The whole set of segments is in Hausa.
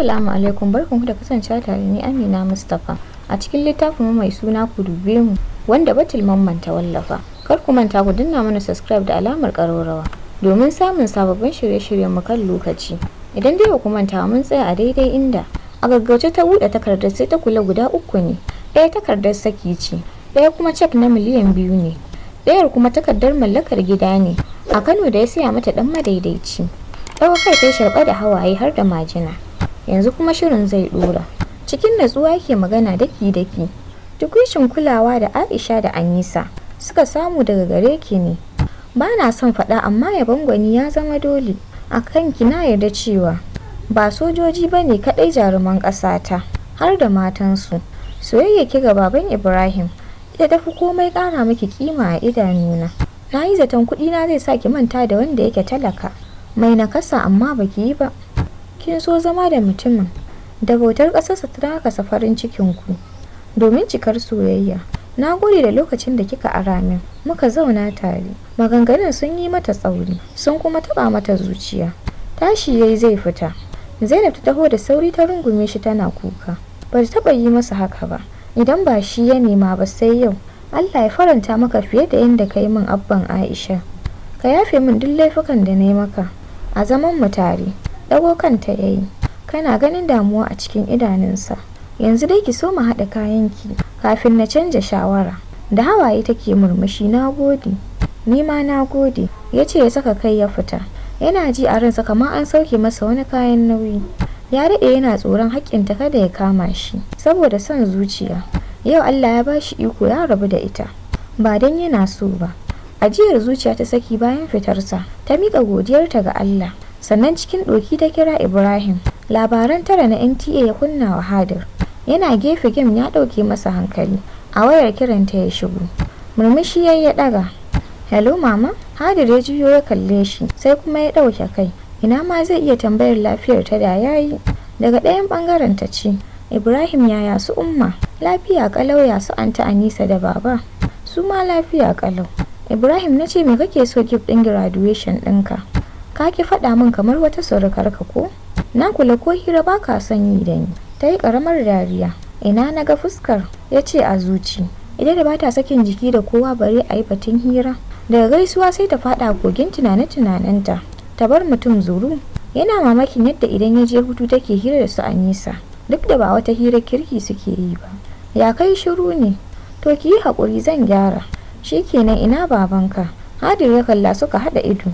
Assalamu alaikum barkanku da kasancewa tare ni Amina Mustapha a cikin littafin mai suna ku dube mu wanda Batul Mamman ta wallafa. Kar ku manta ku danna mana subscribe da alamar ƙararrawa domin samun sababbin shirye-shiryen mu kan lokaci. Idan dai ku manta mun tsaya a daidai inda a gaggauce ta buɗe takardar sai ta kula guda uku ne. Ɗaya takardar saki ce, ɗaya kuma cek na miliyan biyu ne, ɗayar kuma takardar mallakar gida ne a Kano da ya siya mata ɗan madaidaici. Ɗaukar kai sai sharɓa da hawaye har da majina. yanzu kuma shirin zai dora cikin natsuwa ke magana daki-daki tukushin kulawa da aisha da anisa suka samu daga gare ki ne ba na son faɗa amma ya gwani ya zama dole a kanki na yarda cewa ba sojoji ba ne kaɗai jaruman ƙasata har da matansu soyayya ki ga baban ibrahim ita tafi komai ƙara miki kima a idanuna na yi zaton na zai sa ki manta da wanda yake talaka mai nakasa amma baki yi ba kin so zama da mutumin da bautar ƙasarsa ta nakasa farin cikinku domin cikar soyayya na gode da lokacin da kika ara min muka zauna tare maganganun sun yi mata tsauri sun kuma taɓa mata zuciya tashi yayi zai fita zainab ta taho da sauri ta rungume shi tana kuka ba ta taɓa yi masa haka ba idan ba shi ya nema ba sai yau allah ya faranta maka fiye da yadda ka yi min abban aisha ka yafe min duk laifukan da na yi maka a zaman mu tare ɗago kanta ya yi kana ganin damuwa a cikin idanunsa yanzu dai ki so mu haɗa kayanki kafin na canja shawara da hawaye take murmushi na gode ni ma na gode ya ce ya saka kai ya fita yana ji a ransa kamar an sauke masa wani kayan nauyi ya daɗe yana tsoron ta kada ya kama shi saboda son zuciya yau allah ya bashi iko ya rabu da ita ba don yana so ba ajiyar zuciya ta saki bayan fitarsa ta miƙa godiyarta ga allah sannan cikin ɗoki ta kira ibrahim labaran tara na nta ya kunna wa hadir yana gefe gem ya ɗauke masa hankali a wayar kiranta ya shigo murmushi ya ya ɗaga hello mama hadir ya juyo ya kalle shi sai kuma ya ɗauke kai ina ma zai iya tambayar lafiyar ta da yayi daga ɗayan ɓangaren ta ce ibrahim ya su umma lafiya kalau ya su anta anisa da baba su ma lafiya kalau ibrahim na ce me kake so gift ɗin graduation ɗinka ka ki faɗa min kamar wata surukar ka ko na kula ko hira ba ka sanyi da ni ta yi ƙaramar dariya ina na ga fuskar ya ce a zuci idan da ba ta sakin jiki da kowa bare a yi batun hira daga gaisuwa sai ta faɗa kogin tunane-tunanenta ta bar mutum zuru yana mamakin yadda idan ya je hutu take hira da su anisa duk da ba wata hira kirki suke yi ba ya kai shiru ne to ki yi haƙuri zan gyara shikenan ina babanka hadir ya kalla suka haɗa ido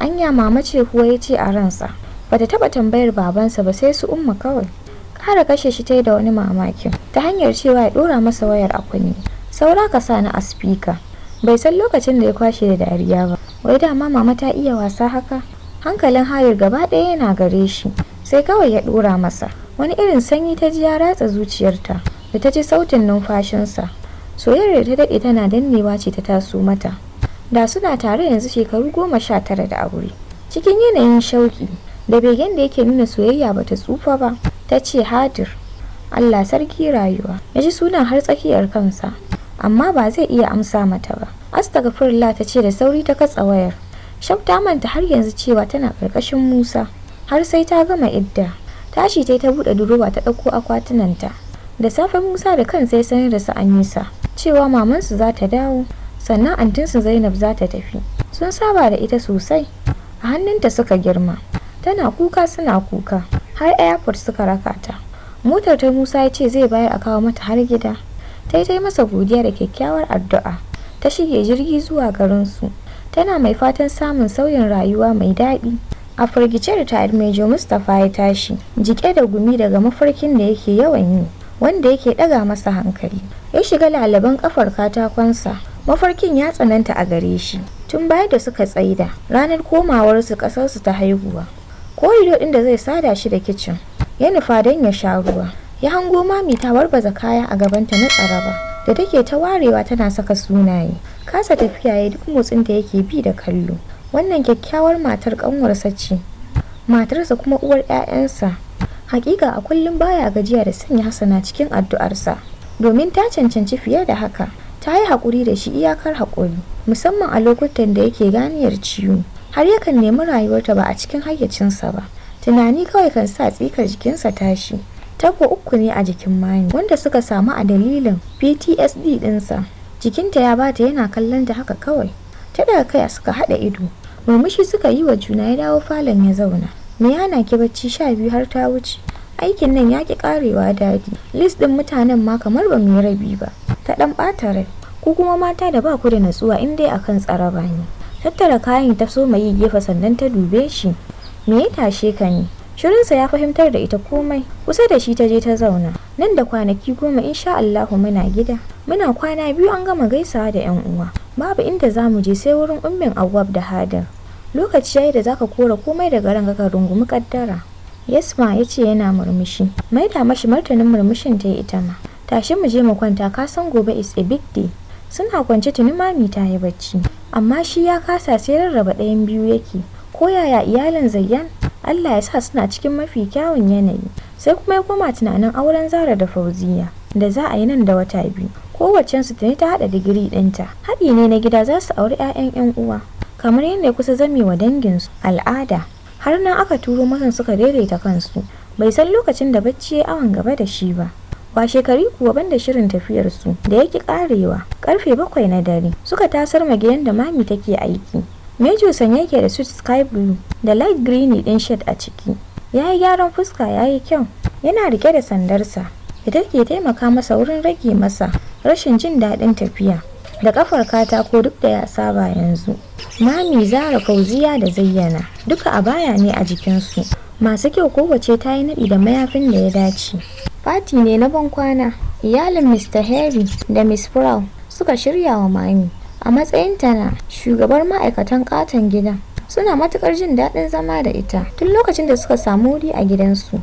anya mama ce kuwa ya ce a ransa Ba ta taba tambayar babansa ba sai su umma kawai kara kashe shi ta yi da wani mamakin ta hanyar cewa ya dora masa wayar a kunne saura ka sa ni a spika bai san lokacin da ya kwashe da dariya ba wai dama mama ta iya wasa haka hankalin hayar gaba ɗaya yana gare shi sai kawai ya dora masa wani irin sanyi ta ji ya ratsa zuciyarta da ta ji sautin numfashinsa soyayyar da ta daɗe tana dannewa ce ta taso mata da suna tare yanzu shekaru goma sha tara da aure cikin yanayin shauki da begen da yake nuna soyayya bata tsufa ba ta ce hadir allah sarki rayuwa ya ji sunan har tsakiyar kansa amma ba zai iya amsa mata ba astagfirullah ta ce da sauri ta katsa wayar shaf ta manta har yanzu cewa tana ƙarƙashin musa har sai ta gama idda tashi ta yi ta buɗe durowa ta ɗauko akwatunanta da safe musa da kansa ya sanar da su anisa cewa mamansu za ta dawo sannan antinsu zainab za ta tafi sun saba da ita sosai a hannunta suka girma tana kuka suna kuka har airport suka raka ta motar ta musa ya ce zai bayar a kawo mata har gida ta yi ta yi masa godiya da kyakkyawar addu'a ta shige jirgi zuwa garinsu tana mai fatan samun sauyin rayuwa mai daɗi a firgice retired major mustapha ya tashi jike da gumi daga mafarkin da yake yawan yi wanda yake ɗaga masa hankali ya shiga lalaban kafar katakonsa mafarkin ya tsananta a gare shi tun bayan da suka tsaida ranar komawarsu ƙasarsu ta haihuwa korido din da zai sada shi da kicin ya nufa don ya sha ruwa ya hango mami ta warbaza kaya a gabanta na tsaraba da take ta warewa tana saka sunaye kasa tafiya ya duk motsin da yake bi da kallo wannan kyakkyawar matar ƙanwarsa ce matarsa kuma uwar 'ya'yansa hakika a kullum baya gajiya da sanya hasana cikin addu'arsa domin ta cancanci fiye da haka ta yi haƙuri da shi iyakar haƙuri musamman a lokutan da yake ganiyar ciwo har yakan nemi rayuwarta ba a cikin hayyacinsa ba tunani kawai kan sa tsikar jikinsa tashi tabo uku ne a jikin mani wanda suka samu a dalilin ptsd ɗinsa jikinta ya bata yana kallon da haka kawai ta daga kai suka haɗa ido murmushi suka yi wa juna ya dawo falon ya zauna me yana ki bacci sha biyu har ta wuce aikin nan ya ki karewa dadi list din mutanen ma kamar ba mu yi rabi ba ta dan bata rai ku kuma mata da ba ku da natsuwa in dai akan tsaraba ne tattara kayan ta so mai gefa sannan ta dube shi me ya tashe ka ne sa ya fahimtar da ita komai kusa da shi ta je ta zauna nan da kwanaki goma insha Allahu muna gida muna kwana biyu an gama gaisawa da yan uwa babu inda zamu je sai wurin ummin awwab da hadin lokaci yayi da zaka kora komai daga ran ga rungumi kaddara yasma ya ce yana murmushi maida mashi martanin murmushin ta yi ita ma tashi mu je mu kwanta ka san gobe is a big day suna kwance tuni mami ta yi bacci amma shi ya kasa sai rarraba ɗayan biyu yake ko yaya iyalin zayyan allah ya sa suna cikin mafi kyawun yanayi sai kuma ya koma tunanin auren zara da fauziya da za a yi nan da wata biyu su tuni ta haɗa digiri ɗinta haɗi ne na gida za su auri 'ya'yan 'yan uwa kamar yadda kusa zame wa danginsu al'ada har nan aka turo masan suka daidaita kansu bai san lokacin da bacci ya awon gaba da shi ba wa shekaru kuwa banda shirin tafiyarsu da yake karewa karfe bakwai na dare suka tasar ma gidan da mami take aiki mejo sanye yake da suit sky blue da light green din shade a ciki ya yi gyaran fuska ya yi kyau yana rike da sandarsa ita ke taimaka masa wurin rage masa rashin jin daɗin tafiya da kafar katako duk da ya saba yanzu mami zara Kauziya da zayyana duka a baya ne a jikinsu masu kyau kowace ta yi naɗi da mayafin da ya dace fati ne na ban kwana. iyalin mr harry da miss brown suka shirya wa mami a matsayinta na shugabar ma'aikatan katon gidan suna matukar jin daɗin zama da ita tun lokacin da suka samu wuri a gidansu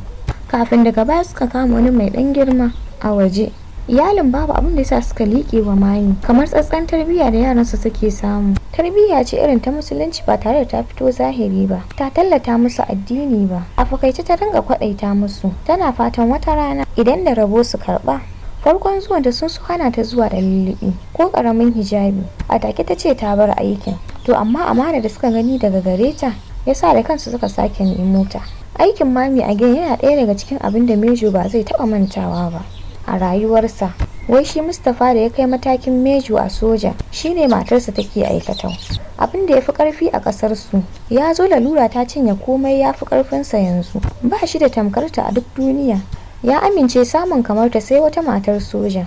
kafin daga baya suka kama wani mai ɗan girma a waje iyalin babu abin da yasa suka liƙe wa Mami. kamar tsatsan tarbiyya da yaransu suke samu tarbiyya ce irin ta musulunci ba tare da ta fito zahiri ba ta tallata musu addini ba a fakaice ta dinga kwaɗaita musu tana fatan wata rana idan da rabo su karɓa farkon zuwan da sun su hana ta zuwa da lulluɓi ko ƙaramin hijabi a take ta ce ta bar aikin to amma amana da suka gani daga gare ta ya sa da kansu suka sake nemo ta aikin mami a gida yana ɗaya daga cikin abin da mejo ba zai taɓa mantawa ba a rayuwarsa wai shi mustapha da ya kai matakin meju a soja shi ne matarsa take aikata. abin da ya fi karfi a kasar su ya zo lalura ta cinye komai ya fi karfinsa yanzu ba shi da tamkarta a duk duniya ya amince samun kamar ta sai wata matar soja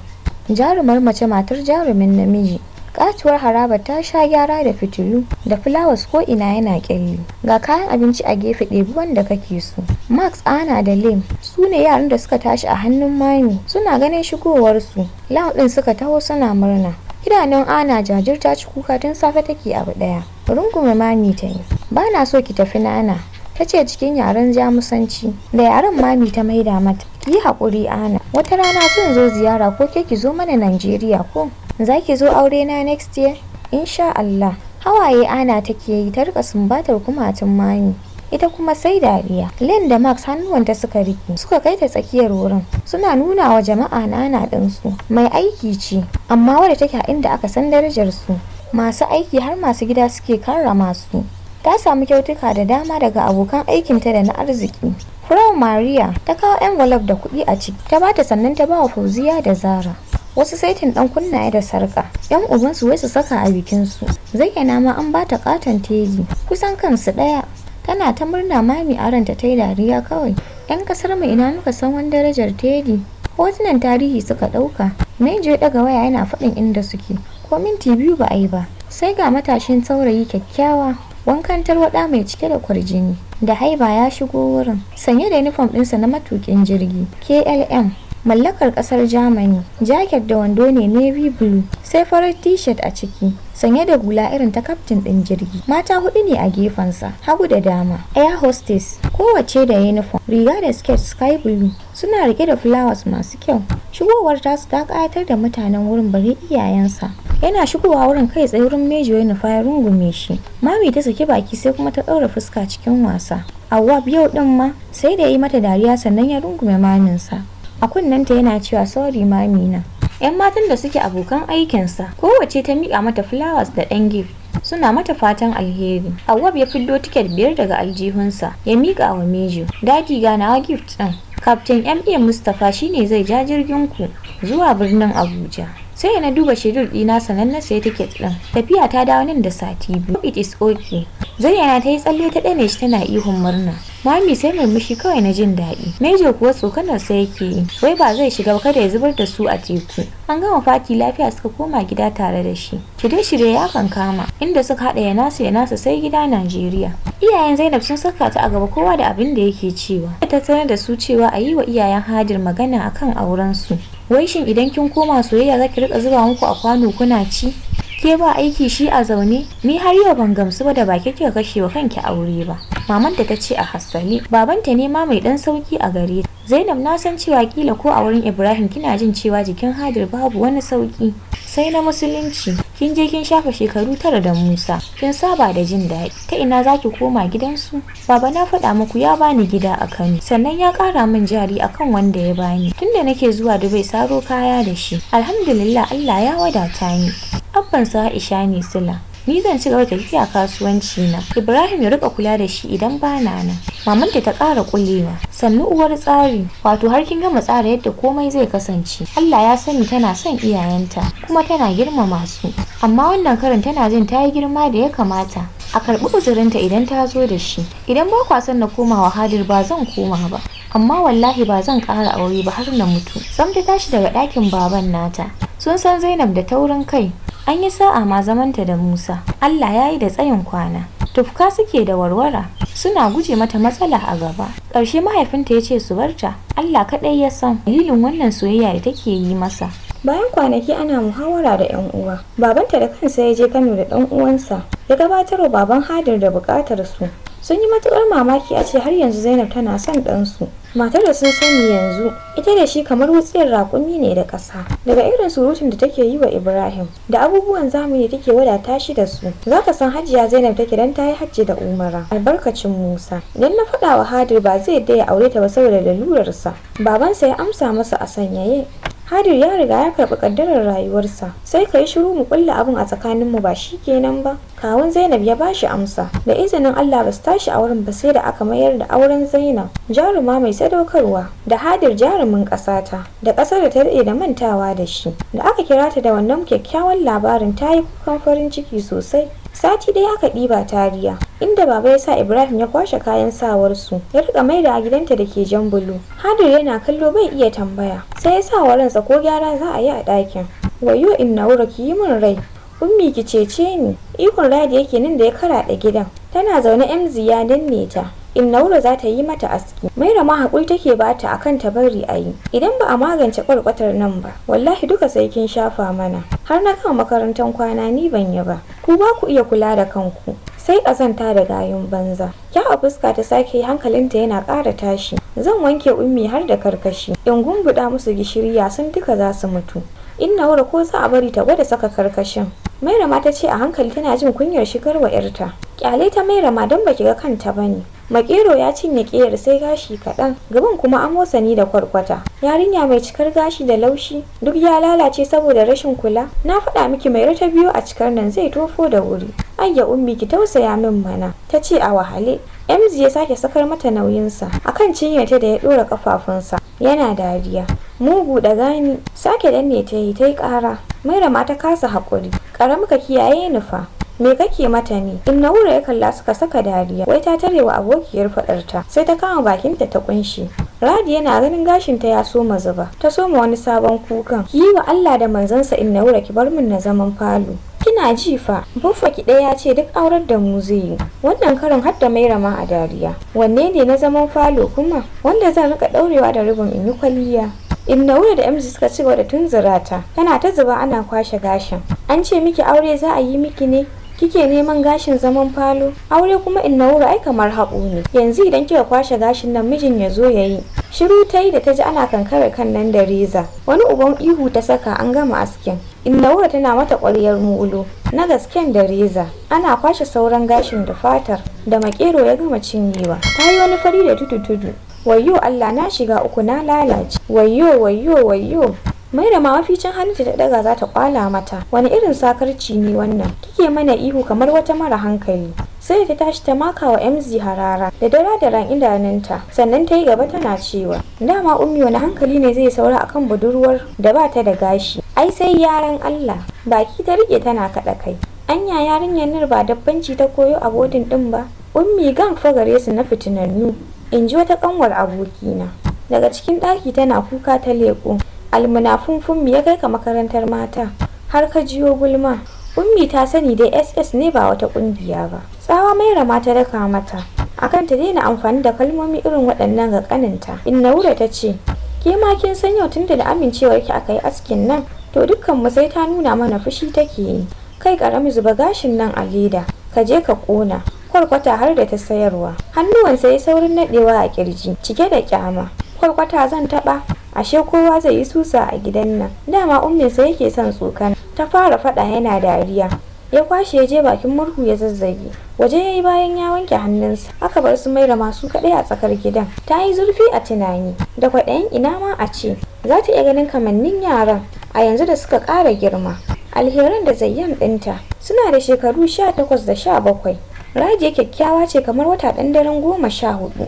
jarumar mace matar jarumin namiji katuwar haraba ta sha gyara da fitilu da fulawas ko ina yana kyalli ga kayan abinci a gefe ɗebi wanda kake so max ana da lim su ne yaran da suka tashi a hannun mami suna ganin shigowarsu lam ɗin suka taho suna murna idanun ana jajir ta ci kuka tun safe take abu ɗaya rungume mami ta yi ba na so ki tafi nana ta ce cikin yaren jamusanci da yaren mami ta maida mata yi haƙuri ana wata rana zan zo ziyara ko ke ki zo mana najeriya ko za ki zo aure na next year insha allah hawaye ana take yi ta rika sumbatar kumatun mami ita kuma sai dariya len da max hannuwanta suka rike suka kai ta tsakiyar wurin suna nuna wa jama'a nana ɗinsu mai aiki ce amma wadda take a inda aka san darajar su masu aiki har masu gida suke karrama su ta samu kyautuka da dama daga abokan aikinta da na arziki Frau Maria ta kawo envelope da kuɗi a ciki ta bata sannan ta bawa Fauziya da Zara wasu saitin dan kunnaye da sarka yan ubansu wai su saka a bikinsu zayyana ma an bata katon teji kusan kansu ɗaya tana ta murna mami a ranta ta yi dariya kawai yan kasar mu ina muka san wani darajar teji hotunan tarihi suka ɗauka Mejo je ɗaga waya yana faɗin inda suke ko minti biyu ba a yi ba sai ga matashin saurayi kyakkyawa wankan tarwaɗa mai cike da kwarjini da haiba ya shigo wurin sanye da uniform ɗinsa na matukin jirgi klm mallakar kasar germany jacket da wando ne navy blue sai farar t-shirt a ciki sanye da gula irin ta kaftin ɗin jirgi mata hudu ne a gefensa hagu da dama air hostess kowace da uniform riga da skirt sky blue suna rike da flowers masu kyau shigowar tasu ta ƙayatar da mutanen wurin bari iyayensa yana shigowa wurin kai tsaye wurin mejo ya nufa ya rungume shi mami ta saki baki sai kuma ta ɗaura fuska cikin wasa awwab yau ɗin ma sai da ya yi mata dariya sannan ya rungume maminsa a kunnenta yana cewa sorry mami na yan matan da suke abokan aikinsa kowace ta miƙa mata flowers da ɗan gift suna mata fatan alheri awwab ya fiddo tiket biyar daga aljihunsa ya miƙa wa mejo dadi ganawa gift ɗin Kaftin MA Mustapha shine zai ja jirgin ku zuwa birnin Abuja. sai na duba shedul ɗina sanannen na tiket ɗin tafiya ta dawo nan da sati biyu it is okay zayyana ta yi tsalle ta ɗane shi tana ihun murna Mami sai murmushi kawai na jin daɗi. Mejo kuwa tsokanar sai yake yi. Wai ba zai shiga ba kada ya zubar da su a teku. An gama fati lafiya suka koma gida tare da shi. Shirye-shirye ya kan kama inda suka haɗa ya nasu ya nasu sai gida Najeriya. Iyayen Zainab sun saka ta a gaba kowa da abin da yake cewa. Ta sanar da su cewa a yi wa iyayen Hadir magana akan auren su. wai shin idan kin koma soyayya za ki rika zuba muku a kwano kuna ci ke ba aiki shi a zaune ni har yau ban gamsu ba da ba kika kashe wa kanki aure ba maman ta ce a hassali babanta ne ma mai dan sauki a gare ta Zainab na san cewa kila ko a wurin Ibrahim kina jin cewa jikin Hadir babu wani sauki sai na musulunci kin je kin shafa shekaru tara da Musa kin saba da jin daɗi ta ina za ki koma gidansu baba na faɗa muku ya bani gida a Kano sannan ya ƙara min jari akan wanda ya bani tunda nake zuwa Dubai saro kaya da shi alhamdulillah Allah ya wadata ni abban sa Aisha ne sila ni zan ci gaba da tafiya kasuwanci na ibrahim ya rika kula da shi idan ba na nan Maman ta ƙara kullewa sannu uwar tsari wato har kin gama tsara yadda komai zai kasance allah ya sani tana son iyayenta kuma tana girmama su amma wannan karin tana jin ta yi girma da ya kamata a karɓi uzurinta idan ta zo da shi idan ba kwa son na komawa hadir ba zan koma ba amma wallahi ba zan ƙara aure ba har na mutu sam ta tashi daga ɗakin baban nata sun san zainab da taurin kai An yi sa'a ma zamanta da Musa. Allah ya yi da tsayin kwana. Tufka suke da warwara. Suna guje mata matsala a gaba. Ƙarshe mahaifinta ya ce su barta. Allah kaɗai ya san dalilin wannan soyayya da take yi masa. Bayan kwanaki ana muhawara da 'yan uwa. Babanta da kansa ya je Kano da ɗan uwansa. Ya gabatar wa baban Hadir da buƙatar su. sun yi matuƙar mamaki a ce har yanzu zainab tana son ɗansu matar da sun sani yanzu ita da shi kamar wutsiyar raƙumi ne da ƙasa daga irin surutun da take yi wa ibrahim da abubuwan zamani take wadata shi da su za ka san hajiya zainab take dan ta yi hajji da umara albarkacin musa idan na faɗawa wa hadir ba zai daya aure ta ba saboda lalurarsa babansa ya amsa masa a sanyaye hadir ya riga ya karɓi ƙaddarar rayuwarsa sai ka yi shiru mu ƙulla abin a tsakaninmu ba shi kenan ba kawun zainab ya bashi amsa da izinin allah ba su tashi auren ba sai da aka mayar da auren zainab jaruma mai sadaukarwa da hadir jarumin ƙasata da ƙasar da ta daɗe da mantawa da shi da aka kira ta da wannan kyakkyawan labarin ta yi kukan farin ciki sosai sati ɗaya aka ɗiba tariya inda baba ya sa ibrahim ya kwashe kayan sawarsu ya rika maida a gidanta da ke jan bulu hadir yana kallo bai iya tambaya sai ya sa wa ransa ko gyara za a yi a ɗakin wayo inna wura ki yi min rai ummi ki cece ni ikon radi yake nan da ya karaɗa gidan tana zaune mz ya danne ta in naura za ta yi mata aski maira ma haƙuri take bata akan ta bari a yi idan ba a magance kwarkwatar nan ba wallahi duka sai kin shafa mana har na kan makarantar kwana ni ban yi ba ku ba ku iya kula da kanku sai ƙazanta da gayun banza ya a fuska ta sake hankalinta yana ƙara tashi zan wanke ummi har da karkashi in gumbuɗa musu gishiri ya sun duka za su mutu in naura ko za a bari ta gwada saka karkashin maira ma ta ce a hankali tana jin kunyar shigar wa 'yarta kyale ta mairama ma don baki ga kanta bane makero ya cinye ƙeyar sai gashi kaɗan gaban kuma an da kwarkwata yarinya mai cikar gashi da laushi duk ya lalace saboda rashin kula na faɗa miki mai rata biyu a cikar nan zai tofo da wuri ayya ummi ki tausaya min mana ta ce a wahale mz ya sake sakar mata nauyinsa akan cinye ta da ya ɗora kafafunsa yana dariya mugu da gani sake danne ta yi ta yi ƙara maira ma ta kasa haƙuri ƙaramuka kiyaye nufa me kake mata ne in naura ya kalla suka saka dariya wai ta tare wa abokiyar ta sai ta kama bakinta ta kunshi radi yana ganin gashin ta ya soma zuba ta soma wani sabon kukan ki yi wa allah da manzansa in naura ki bar min na zaman falo kina ji fa ki ɗaya ya ce duk aurar da mu zai yi wannan karin hadda mai rama a dariya wanne ne na zaman falo kuma wanda zan rika daurewa da ribin in yi kwalliya Innaura da MJ suka ci da tunzura ta. Tana ta zuba ana kwashe gashin. An ce miki aure za a yi miki ne? kike neman gashin zaman falo aure kuma in naura ai kamar haƙo ne yanzu idan kika kwashe gashin nan mijin ya zo ya shiru ta yi da ta ji ana kankare kan nan da reza wani uban ihu ta saka an gama askin in naura tana mata ƙwaryar mulu na gasken da reza ana kwashe sauran gashin da fatar da makero ya gama cinyewa ta yi wani fari da tudu tudu wayyo Allah na shiga uku na lalace wayyo wayyo wayyo mai da mafican hannun ta daga za ta kwala mata wani irin sakarci ne wannan kike mana ihu kamar wata mara hankali sai ta tashi ta maka wa MZ harara da dara daren idanunta sannan ta yi gaba tana cewa dama ummi wani hankali ne zai saura a kan budurwar da ba ta da gashi ai sai yaran Allah baki ta rike tana kaɗa kai anya yarinyar nan ba dabbanci ta koyo a godin din ba ummi gan fa gare su na fitinannu in ji wata kanwar abokina daga cikin ɗaki tana kuka ta leƙo almunafunfun ya kai ka makarantar mata har ka jiyo gulma ummi ta sani dai ss ne ba wata kungiya ba tsawa maira ma ta daka mata akan ta daina amfani da kalmomi irin waɗannan ga kaninta naura ta ce ke ma kin san yau tunda da amincewar ki aka yi askin nan to dukkan mu sai ta nuna mana fushi take yi kai karami zuba gashin nan a leda ka je ka kona kwarkwata har da ta sayarwa hannuwan sai saurin nadewa a kirji cike da kyama kwarkwata zan taɓa ashe kowa zai yi susa a gidan nan dama umminsa yake son tsokan ta fara faɗa yana dariya ya kwashe ya je bakin murhu ya zazzage waje ya yi bayan ya wanke hannunsa aka bar su maira masu kaɗai a tsakar gidan ta yi zurfi a tunani da kwaɗayin ina ma a ce za ta iya ganin kamannin yaran a yanzu da suka ƙara girma alheran da zayyan ɗinta suna da shekaru sha takwas da sha bakwai rajiya kyakkyawa ce kamar wata ɗan daren goma sha hudu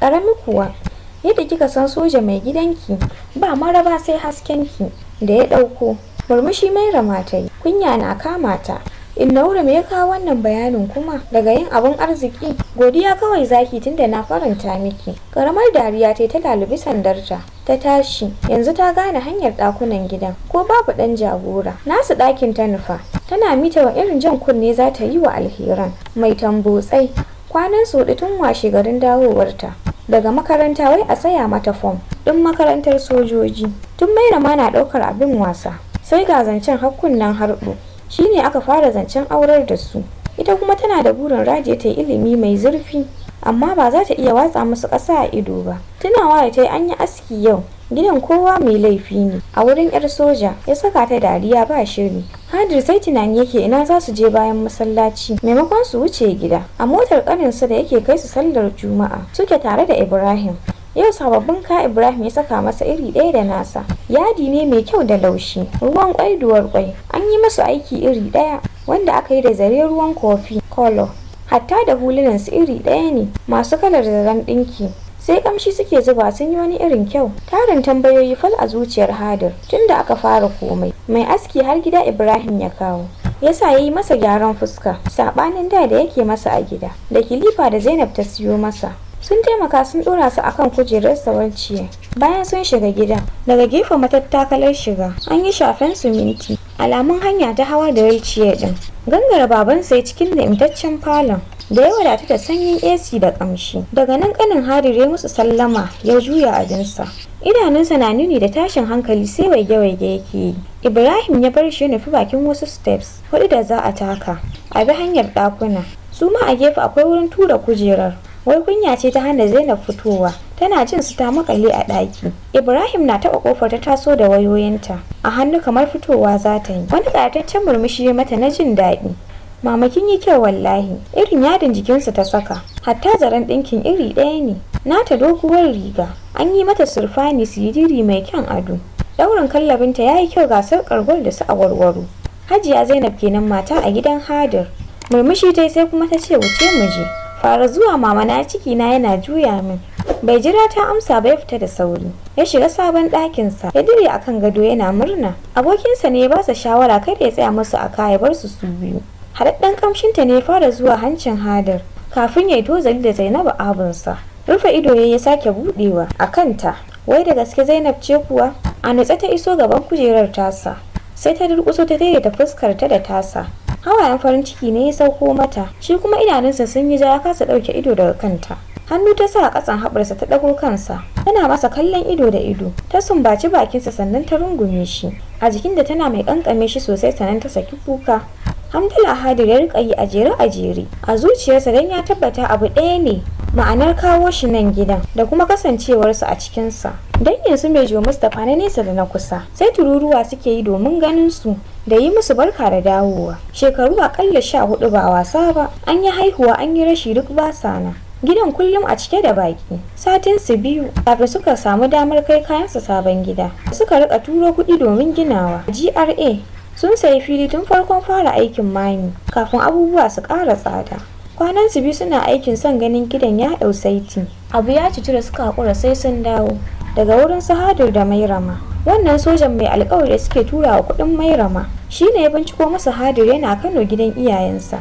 ƙarami kuwa yadda kika san soja mai gidanki ba maraba sai haskenki da ya ɗauko murmushi mai ramata yi kunya na kama ta in naura me ya kawo wannan bayanin kuma daga yin abun arziki godiya kawai zaki tunda na faranta miki karamar dariya ta ta lalubi sandarta ta tashi yanzu ta gane hanyar ɗakunan gidan ko babu ɗan jagora nasu ɗakin ta nufa tana mita wa irin jan kunne za ta yi wa alheran mai tambotsai kwanan su tun washe garin dawowarta daga makaranta wai a tsaya mata fom ɗin makarantar sojoji tun mai na ɗaukar abin wasa sai ga zancen hakkunnan Shi ne aka fara zancen aurar da su ita kuma tana da burin raje ta ilimi mai zurfi amma ba za ta iya watsa musu ƙasa a ido ba tunawa da ta yi an yi aski yau gidan kowa mai laifi ne a wurin 'yar soja ya saka ta dariya ba shiri hadir sai tunani yake ina za su je bayan masallaci maimakon su wuce gida a motar ƙaninsu da yake kai su sallar juma'a suke tare da ibrahim yau sababbin ka ibrahim ya saka masa iri ɗaya da nasa yadi ne mai kyau da laushi ruwan kwai duwar kwai an yi masu aiki iri ɗaya wanda aka yi da zare ruwan kofi kolo hatta da hulunansu iri ɗaya ne masu kalar zaren ɗinki sai kamshi suke zuba sun yi wani irin kyau tarin tambayoyi fal a zuciyar hadir tunda aka fara komai mai aski har gida ibrahim ya kawo yasa ya yi masa gyaran fuska sabanin da da yake masa a gida da kilifa da zainab ta siyo masa sun taimaka sun dora su akan kujerar sawarciya bayan sun shiga gida. daga gefe matattakalar shiga an yi shafen siminti. alamun hanya ta hawa da wilciya din gangara baban sai cikin da falon da ya wadatu da sanyin AC da kamshi. Daga nan kanin harire musu sallama ya juya abinsa. Idanunsa na nuni da tashin hankali sai waige-waige yake yi. Ibrahim ya bar shi ya nufi bakin wasu steps hudu da za a taka. A bi hanyar ɗakuna. Su ma a gefe akwai wurin tura kujerar. Wai kunya ce ta hana Zainab fitowa. Tana jin su ta makale a ɗaki. Ibrahim na taɓa ƙofar ta taso da wayoyinta. A hannu kamar fitowa za ta yi. Wani ƙayataccen murmushi ya mata na jin daɗi. mama kin yi kyau wallahi irin yadin jikinsa ta saka hatta zaren ɗinkin iri ɗaya ne Na ta doguwar riga an yi mata surfani siriri mai kyan ado daurin kallabinta ya yi kyau gasar kargol da su awarwaro hajiya zainab kenan mata a gidan hadir murmushi ta sai kuma ta ce wuce mu je fara zuwa mama na ciki na yana juya min bai jira ta amsa ba ya fita da sauri ya shiga sabon ɗakinsa ya dire akan gado yana murna abokinsa ne ya ba sa shawara kada ya tsaya musu a kaya bar su su biyu haɗaɗɗen kamshinta ne fara zuwa hancin hadar kafin ya yi tozali da zainabu abunsa rufe ido ya ya sake buɗewa a kanta wai da gaske zainab ce kuwa a nutse ta iso gaban kujerar tasa sai ta durƙuso ta daidaita fuskar ta da tasa hawayen farin ciki ne ya sauko mata shi kuma idanunsa sun yi ja ya kasa ɗauke ido daga kanta hannu ta sa a ƙasan haɓarsa ta ɗago kansa tana masa kallon ido da ido ta sumbaci bakinsa sannan ta rungume shi a jikin da tana mai ƙanƙame shi sosai sannan ta saki kuka hamdala hadi ya rika yi a jere a jere a zuciyarsa Dan ya tabbata abu ɗaya ne ma'anar kawo shi nan gidan da kuma kasancewarsa a cikinsa dangin su mai jo mustapha na nesa da na kusa sai tururuwa suke yi domin ganin su da yi musu barka da dawowa shekaru akalla sha hudu ba wasa ba an yi haihuwa an yi rashi duk ba sana gidan kullum a cike da baki satin su biyu kafin suka samu damar kai kayansa sabon gida suka rika turo kuɗi domin ginawa gra sun sayi fili tun farkon fara aikin mami kafin abubuwa su ƙara tsada kwanan su biyu suna aikin son ganin gidan ya saiti. abu ya ci da suka haƙura sai sun dawo daga wurin hadir da mairama wannan sojan mai alkawari da suke tura wa kuɗin mairama shine ya binciko masa hadir yana kano gidan iyayensa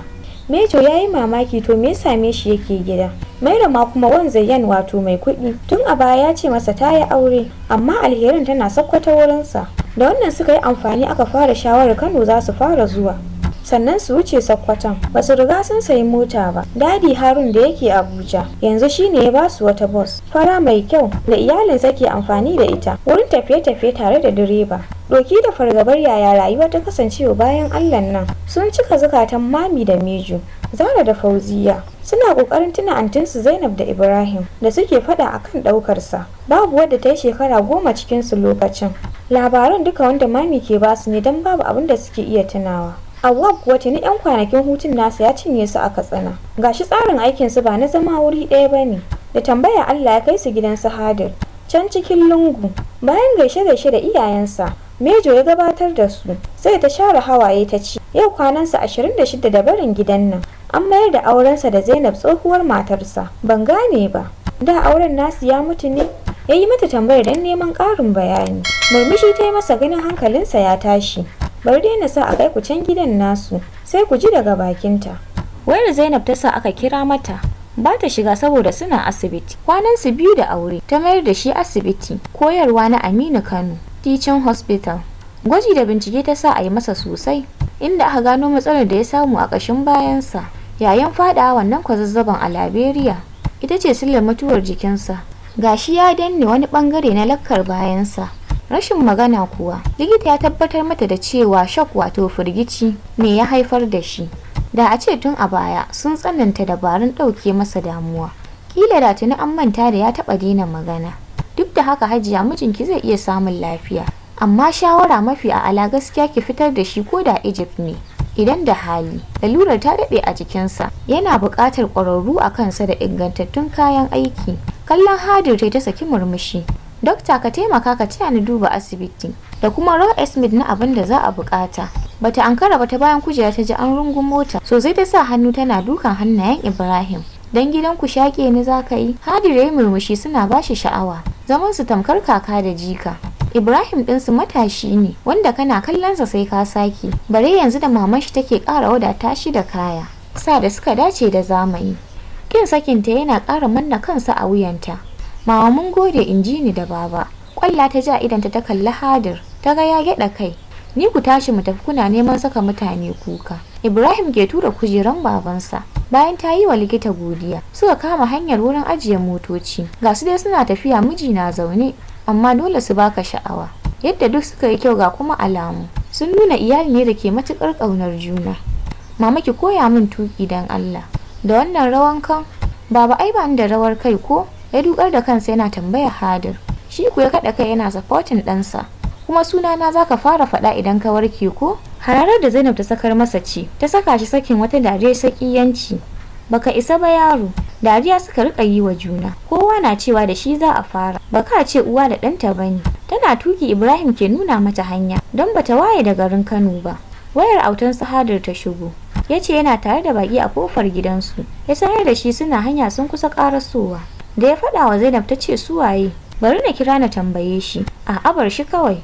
mejo ya yi mamaki to me same shi yake gida mairama kuma wan zayyan wato mai kuɗi tun a baya ya ce masa ta yi aure amma alherin tana sakkwata wurinsa da wannan suka yi amfani aka fara shawarar kano za su fara zuwa sannan su wuce sakkwatan ba su riga sun sayi mota ba dadi harun da yake abuja yanzu shine ya basu wata bus fara mai kyau da iyalinsa ke amfani da ita wurin tafiye-tafiye tare da direba Doki da fargabar yaya rayuwa ta kasancewa bayan allan nan sun cika zukatan mami da meju, zara da fauziya suna kokarin tuna antinsu Zainab da Ibrahim da suke fada akan daukarsa. Babu wadda ta yi shekara goma cikinsu lokacin. Labaran duka wanda mami ke basu ne don babu abin da suke iya tunawa. Awwab kuwa tuni 'yan kwanakin hutun nasa ya cinye su a Katsina. Gashi tsarin aikin su ba na zama wuri ɗaya ba ne. Da tambaya Allah ya kai su gidan su Hadir. Can cikin lungu, bayan gaishe shi da iyayensa, Mejo ya gabatar da su, sai ta share hawaye ta ci. Yau kwanan sa 26 da barin gidan nan. An mayar da aurensa da Zainab tsohuwar matarsa. Ban gane ba. Da auren nasu ya mutu ne? Ya yi mata tambayar don neman ƙarin bayani. Murmushi ta yi masa ganin hankalinsa ya tashi. bari dai na sa a kai ku can gidan nasu sai ku ji daga bakinta wayar zainab ta sa aka kira mata ba ta shiga saboda suna asibiti kwanan su biyu da aure ta mayar da shi asibiti koyarwa na aminu kano teaching hospital gwaji da bincike ta sa a yi masa sosai inda aka gano matsalar da ya samu a ƙashin bayansa yayin faɗa wannan kwazazzaban a liberia ita ce sillar mutuwar jikinsa gashi ya danne wani bangare na lakkar bayansa rashin magana kuwa likita ya tabbatar mata da cewa shock wato firgici ne ya haifar da shi da a ce tun a baya sun tsananta dabarun ɗauke masa damuwa kila da tuni an manta da ya taɓa daina magana duk da haka hajiya mijinki zai iya samun lafiya amma shawara mafi a'ala gaskiya ki fitar da shi ko da egypt ne idan da hali lalurar ta daɗe a jikinsa yana buƙatar ƙwararru a kansa da ingantattun kayan aiki kallon hadir ta saki murmushi dokta ka taimaka ka taya ni duba asibiti da kuma raw Smith na abin da za a bukata bata ankara ba ta bayan kujera ta ji an rungun mota So sosai ta sa hannu tana dukan hannayen ibrahim dan gidan ku shaƙe ni za ka yi hadira ya murmushi suna bashi sha'awa zaman su tamkar kaka da jika Ibrahim su matashi ne wanda kana kallonsa sai ka sake bare yanzu da maman shi take ƙara wadata shi da kaya sa da suka dace da zamani kin sakinta yana ƙara manna kansa a wuyanta Mama mun gode in ji ni da baba. Kwalla ta ja idan ta kalli hadir, ta ga ya gyaɗa kai. Ni ku tashi mu tafi kuna neman saka mutane kuka. Ibrahim ke tura kujeran babansa. Bayan ta yi wa likita godiya, suka kama hanyar wurin ajiye motoci. Ga su dai suna tafiya miji na zaune, amma dole su baka sha'awa. Yadda duk suka yi kyau ga kuma alamu. Sun nuna iyali ne da ke matukar ƙaunar juna. Mama ki koya min tuki dan Allah. Da wannan rawan kan, baba ai ba ni da rawar kai ko? ya dukar da kansa yana tambaya hadir shi ku ya kada kai yana supporting ɗansa kuma suna na zaka fara faɗa idan ka warke ko hararar da zainab ta sakar masa ce ta saka shi sakin wata dariyar yanci baka isa ba yaro dariya suka rika yi wa juna kowa na cewa da shi za a fara baka ce uwa da ɗanta bane tana tuki ibrahim ke nuna mata hanya don bata waye da garin kano ba wayar autan sahadar ta shigo ya ce yana tare da baki a kofar gidansu ya sanar da shi suna hanya sun kusa karasowa da ya faɗa wa zainab ta ce su waye bari na kira na tambaye shi a abar shi kawai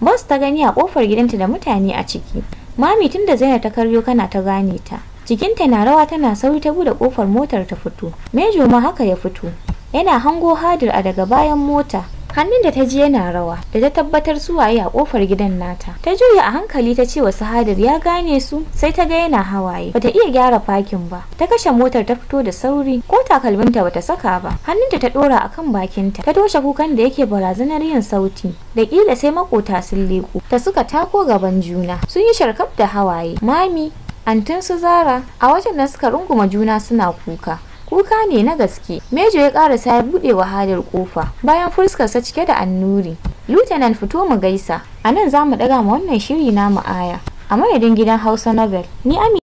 bas ta gani a kofar gidanta da mutane a ciki mami tunda zainab ta karyo kana ta gane ta jikinta na rawa tana sauri ta bude kofar motar ta fito mejo ma haka ya fito yana hango hadir a daga bayan mota hannun da ta ji yana rawa da ta tabbatar su waye a kofar gidan nata ta juya a hankali ta ce wa sahadar ya gane su sai ta ga yana hawaye bata iya gyara fakin ba ta kashe motar ta fito da sauri ko takalminta bata saka ba hannunta ta dora akan bakinta ta toshe kukan da yake barazanar yin sauti da kila sai makota sun leko ta suka tako gaban juna sun yi sharkaf da hawaye mami antin su zara a wajen da suka runguma juna suna kuka kuka ne na gaske mejo ya karasa ya buɗe wa ƙofa. kofa bayan fuskarsa cike da annuri lieutenant fito mu gaisa a nan za mu ɗaga ma wannan shiri mu aya a madadin gidan hausa novel ni ami